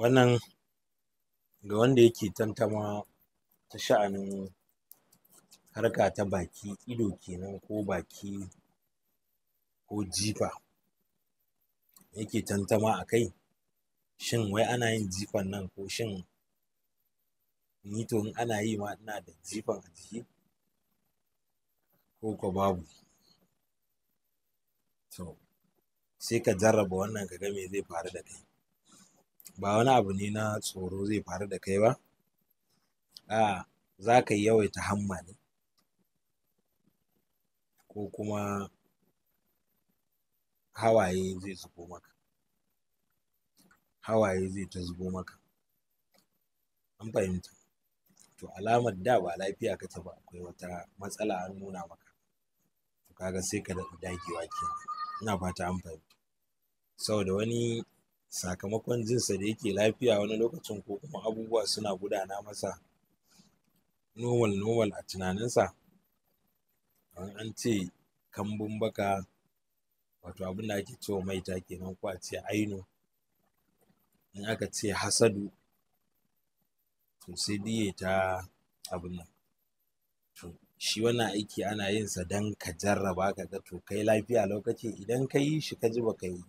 wannan ga wanda yake tantama ta sha'anin harka ta baki ido kenan ko baki ko jifa yake tantama a kai shin wai ana yin jifan nan ko shin ni to in ana yi ma ina da jifan a jiki ko ko babu to sai ka jarraba wannan ka ga me zai faru da kai ba wani abu ne na tsoro zai faru da kai ba a za ka yi yawaita hamma ne ko kuma hawaye zai zubo maka hawaye zai ta zubo maka an fahimta to alamar da ba lafiya ka ba akwai wata matsala an nuna maka to kaga sai ka da dagewa kenan ina fata an fahimta saboda wani sakamakon jinsa da yake lafiya wani lokacin ko kuma abubuwa suna gudana masa normal normal a tunaninsa an ce kambun baka wato abin da ake cewa maita kenan ko a ce aino in aka ce hasadu to sai diye ta abin nan to shi wannan aiki ana yin sa don ka jarraba ka ga to kai lafiya lokaci idan ka yi shi ka ji ba ka yi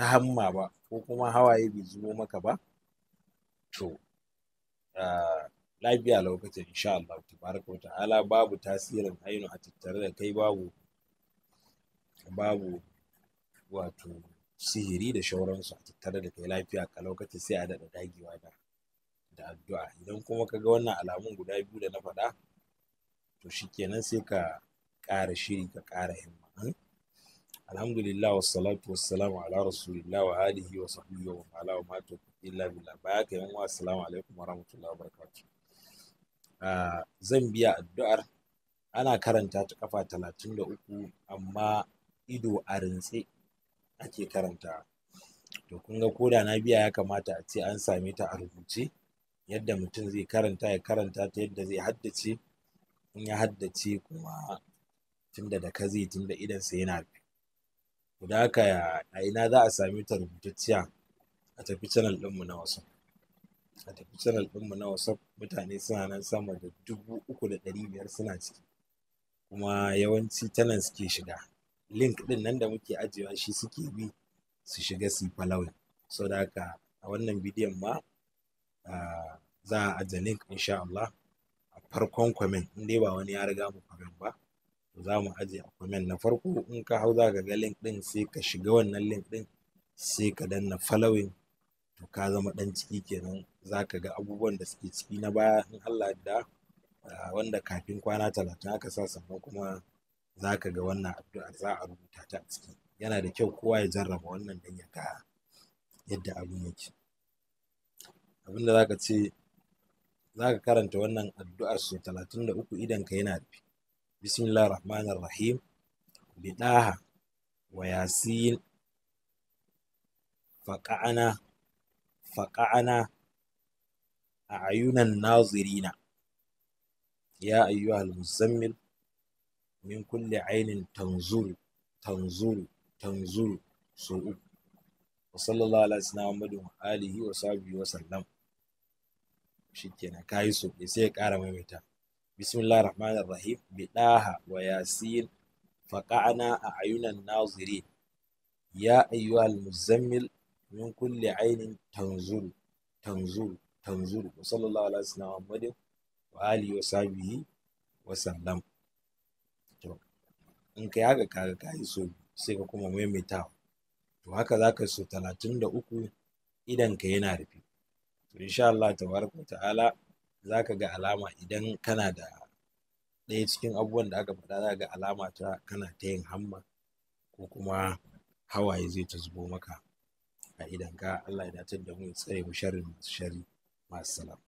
ta hamma ba ko kuma hawaye bai zubo maka ba to lafiya lokacin insha Allah tabaraka ta'ala babu tasirin ainu a tattare da kai babu babu wato sihiri da shauransu a tattare da kai lafiya ka lokaci sai a daɗa dagewa da da addu'a idan kuma ka ga wannan alamun guda biyu da na faɗa to shikenan sai ka ƙara shiri ka ƙara himma hmm? alhamdulillah wassalatu wassalamu ala rasulillah wa alihi wa sahbihi wa ala wa matu illa billah baya ka yan wa assalamu alaikum wa rahmatullahi wa barakatuh ah, zan biya addu'ar ana karanta ta kafa uku, amma ido a rintse ake karanta to kun ga koda na biya ya kamata a ce an same ta a rubuce yadda mutum zai karanta ya karanta ta yadda zai haddace in ya haddace kuma tunda da ka zai tunda idansa yana rufe Guda haka a ina za a sami ta rubutacciya a tafi channel ɗinmu na wasu a tafi channel ɗinmu na wasu mutane suna nan sama da dubu uku da ɗari biyar suna ciki kuma yawanci ta suke shiga link ɗin nan da muke ajiyewa shi suke bi su shiga su yi falawai so da haka a wannan bidiyon ma za a ajiye link insha Allah a farkon kwamen in dai ba wani ya riga mu kwamen ba za mu ajiye a comment na farko in ka hau za ka ga link din sai ka shiga wannan link ɗin sai ka danna following to ka zama ɗan ciki kenan za ka ga abubuwan da suke ciki na baya in Allah da ah, wanda kafin kwana talatin aka sa sannan kuma za ka ga wannan addu'ar za a rubuta ta a ciki yana da kyau kowa ya jarraba wannan dan ya ga yadda abin yake abinda za ka ce za ka karanta wannan addu'ar su talatin da uku idan ka yana rufe bismillah rahman rahim bidaha wa yasin faƙa'ana a ayunan nazirina ya ayyuhal muzammil min kulle ainin tanzuru tanzuru tanzuru so uku wa sallallahu wa alihi wa sahbihi wa sallam sai ya ƙara maimaita bismillahir rahmanir rahim biɗaha wa yasin a a'yunan nazirin ya ayyuhal muzammil min kulli ainin tanzuru tanzuru tanzuru wa sallallahu alaihi wa alihi wa sahbihi wa sallam to haka kaga kai so sai ka kuma maimaitawa to haka zaka so talatin 33 idan ka yana rufe to insha Allah tabaraka ta'ala za ka ga alama idan kana da ɗaya cikin abubuwan da aka faɗa za ga alama ta kana ta yin hamma ko kuma hawaye zai ta zubo maka a idan ka Allah ya datar da mu ya tsare mu sharrin masu shari